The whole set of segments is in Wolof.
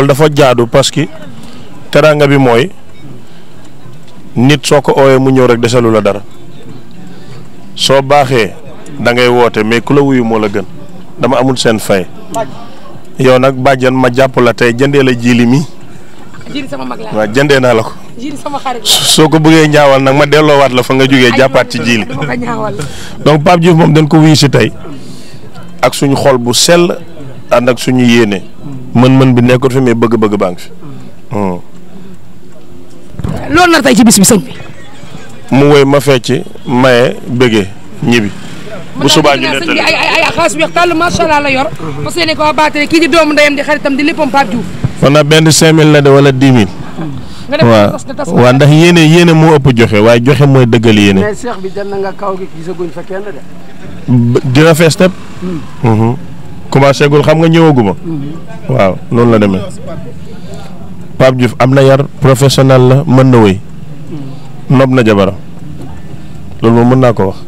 loolu dafa jaadu parce que teraanga bi mooy nit soo ko oowee mu ñëw rek desalu la dara soo baaxee dangay woote mais ku la wuyu moo la gën dama amul seen fay yow nag bàjjan ma jàpp la tey jëndee la jiili mi waaw jëndee naa la ko soo ko bëggee ñaawal nag ma delloowaat la fa nga jógee jàppaat ci jiili donc Pape Diouf moom dañ ko wuyu si tey ak suñ xol bu sel ànd ak suñu yéene mën-mën bi nekkul fi mais bëgg-bëgg baa ngi hmm. ci bis bi sëñ bi. mu woy ma fecc maye bëggee ñibbi. bu subaa ñu nettali ay ay la yor. parce que ne ko baatee kii di doomu ndeyam di xaritam di léppam Pape Diouf. kon nag benn 5000 la de wala 10 000. waaw ndax yéene yéene moo ëpp joxe waaye joxe mooy dëggal yéene. mais seex dina fees tepp. Hmm. Hmm. commencé gul xam nga ñëwaguma mm-hmm. waaw noonu la demee Pape Diouf am na yar professionnel la mën na wéy mm-hmm. nob na jabara loolu moom mën naa ko wax.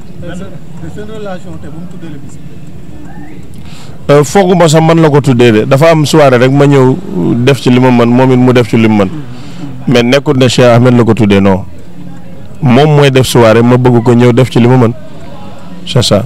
Euh, fooguma sax man la ko tuddee de dafa am soirée rek ma ñëw def ci li ma mën moom it mu def ci li mu mën mm-hmm. mais nekkul ne Cheikh Ahmed la ko tuddee noo moom mooy def soirée ma bëgg ko ñëw def ci li ma mën c'est ça.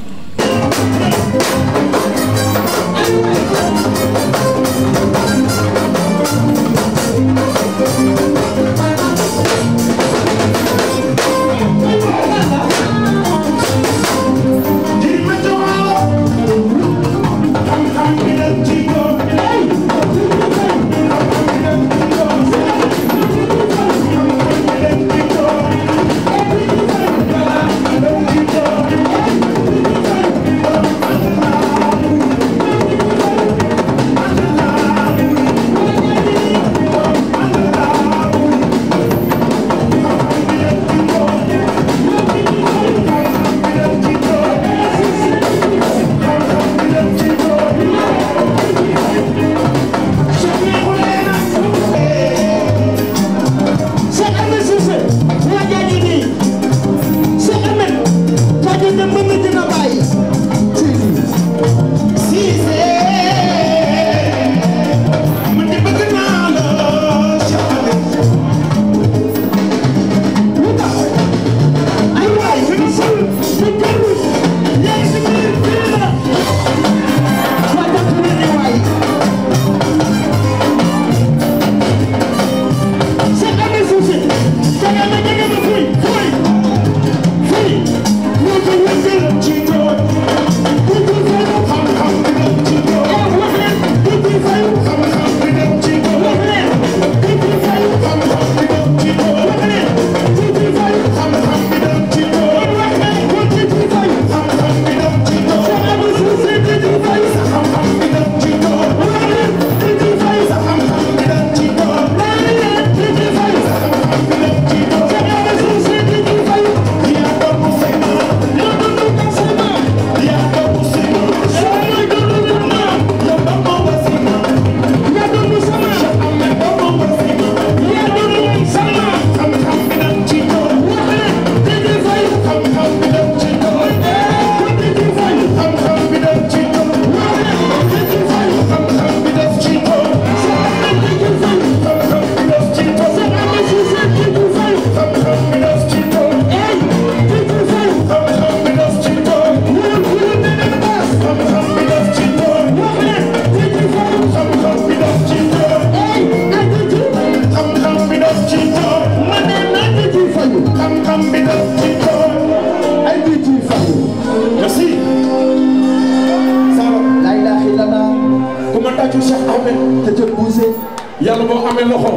yàlla boo amee loxo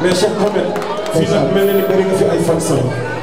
mais soo ko xamee fii nag mel fi ay fan